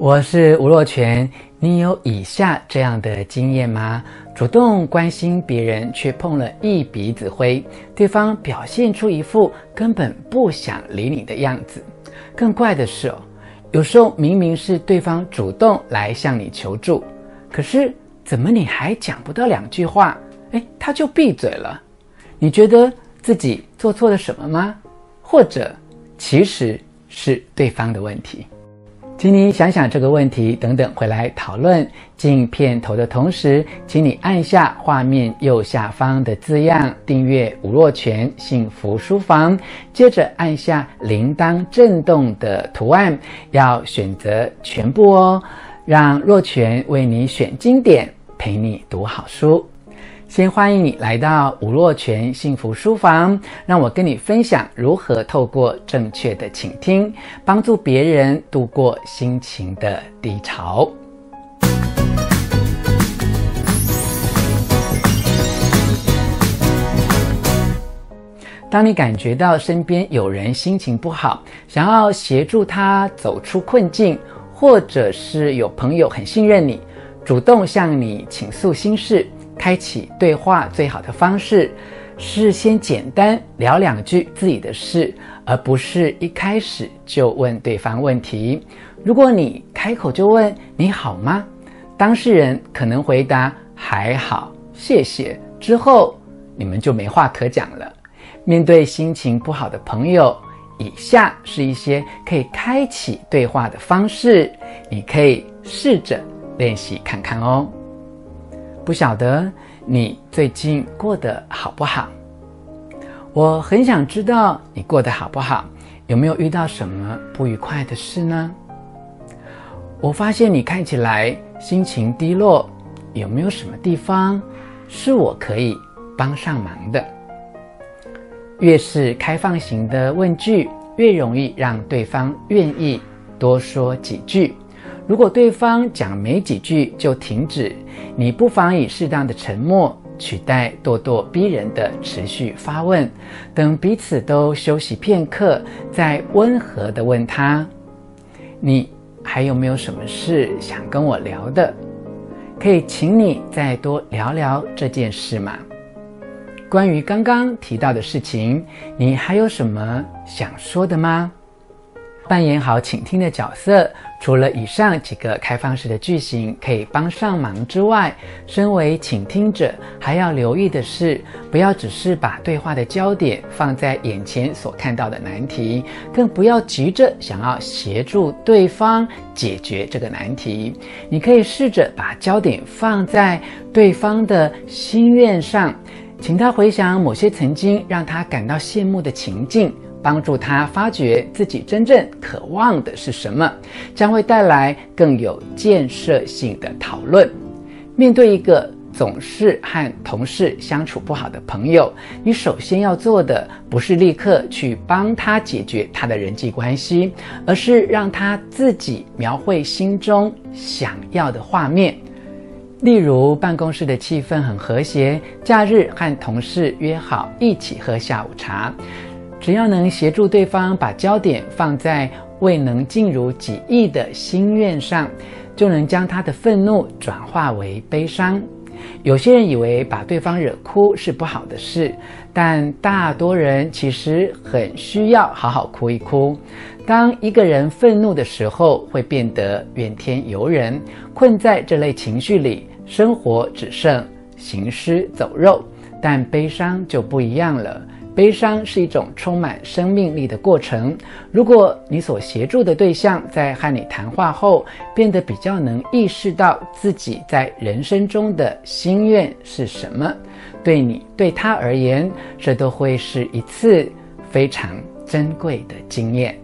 我是吳若權。你有以下這樣的經驗嗎？主動關心別人，卻碰了一鼻子灰，對方表現出一副根本不想理你的樣子。更怪的是哦，有時候明明是對方主動來向你求助，可是怎麼你還講不到兩句話，哎，他就閉嘴了。你覺得自己做錯了什麼嗎？或者其實是對方的問題。請你想想這個問題，等等回來討論。進片頭的同時，請你按下畫面右下方的字樣“訂閱吳若權幸福書房”，接着按下鈴鐺震動的圖案，要選擇全部哦，讓若權為你選經典，陪你讀好書。先歡迎你來到吳若權幸福書房，讓我跟你分享如何透過正確的傾聽，幫助別人度過心情的低潮。當你感覺到身邊有人心情不好，想要協助他走出困境，或者是有朋友很信任你，主動向你傾訴心事。開啟對話最好的方式是先簡單聊兩句自己的事，而不是一開始就問對方問題。如果你開口就問“你好嗎”，當事人可能回答“還好，謝謝”，之後你們就沒話可講了。面對心情不好的朋友，以下是一些可以開啟對話的方式，你可以試着練習看看哦。不曉得你最近過得好不好？我很想知道你過得好不好，有沒有遇到什麼不愉快的事呢？我發現你看起來心情低落，有沒有什麼地方是我可以幫上忙的？越是開放型的問句，越容易讓對方願意多說幾句。如果對方講沒幾句就停止，你不妨以適當的沉默取代咄咄逼人的持續發問，等彼此都休息片刻，再溫和地問他：“你還有沒有什麼事想跟我聊的？可以請你再多聊聊這件事嗎？關於剛剛提到的事情，你還有什麼想說的嗎？”扮演好傾聽的角色，除了以上幾個開放式的句型可以幫上忙之外，身為傾聽者還要留意的是，不要只是把對話的焦點放在眼前所看到的難題，更不要急着想要協助對方解決這個難題。你可以試着把焦點放在對方的心願上，請他回想某些曾經讓他感到羨慕的情境。幫助他發覺自己真正渴望的是什麼，將會帶來更有建設性的討論。面對一個總是和同事相處不好的朋友，你首先要做的不是立刻去幫他解決他的人際關係，而是讓他自己描繪心中想要的畫面。例如，辦公室的氣氛很和諧，假日和同事約好一起喝下午茶。只要能協助對方把焦點放在未能盡如己意的心願上，就能將他的憤怒轉化為悲傷。有些人以為把對方惹哭是不好的事，但大多人其實很需要好好哭一哭。當一個人憤怒的時候，會變得怨天尤人，困在這類情緒裡，生活只剩行屍走肉。但悲傷就不一樣了。悲傷是一種充滿生命力的過程。如果你所協助的對象在和你談話後變得比較能意識到自己在人生中的心願是什麼，對你對他而言，這都會是一次非常珍貴的經驗。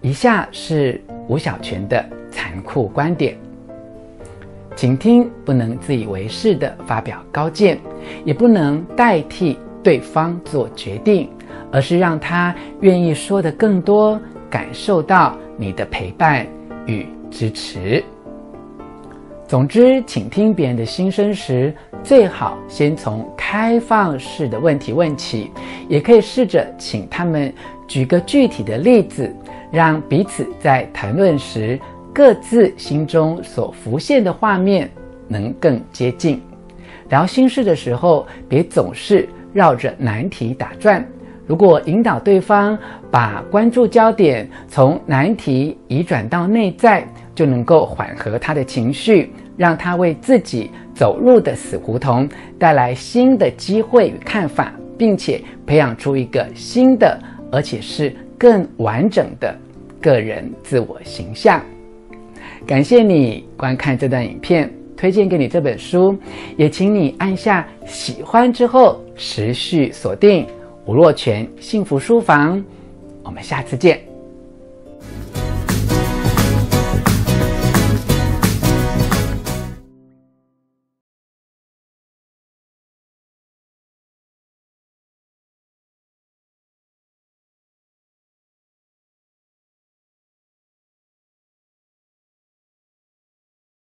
以下是吳若權的殘酷觀點：傾聽不能自以為是地發表高見，也不能代替。對方做決定，而是讓他願意說得更多，感受到你的陪伴與支持。總之，傾聽別人的心聲時，最好先從開放式的問題問起，也可以試着請他們舉個具體的例子，讓彼此在談論時各自心中所浮現的畫面能更接近。聊心事的時候，別總是。繞着難題打轉，如果引導對方把關注焦點從難題移轉到內在，就能夠緩和他的情緒，讓他為自己走入的死胡同帶來新的機會與看法，並且培養出一個新的，而且是更完整的個人自我形象。感謝你觀看這段影片。推薦給你這本書，也請你按下喜歡之後持續鎖定吳若權幸福書房，我們下次見。